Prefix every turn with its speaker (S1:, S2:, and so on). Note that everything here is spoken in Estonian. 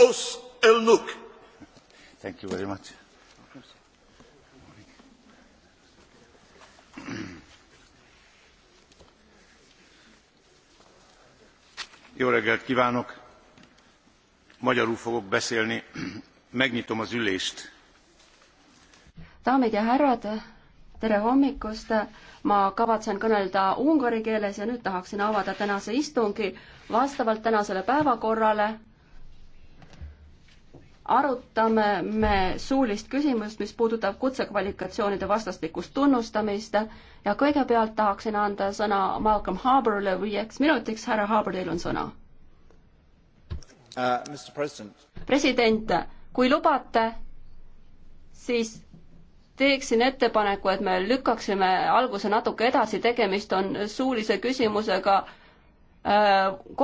S1: أس النوك
S2: Thank you very much.
S3: Jó reggelt kívánok! Magyarul fogok beszélni. Megnyitom az ülést.
S4: Daamid ja härrad, tere hommikust! ma kavatsen kõnelda ungari keeles ja nüüd tahaksin avada tänase istungi vastavalt tänasele päevakorrale arutame me suulist küsimust, mis puudutab kutsekvalifikatsioonide vastastikust tunnustamist ja kõigepealt tahaksin anda sõna Malcolm Harbourile viieks minutiks, härra Harbour, teil on sõna
S5: uh,. president,
S4: president, kui lubate, siis teeksin ettepaneku, et me lükkaksime alguse natuke edasi, tegemist on suulise küsimusega uh,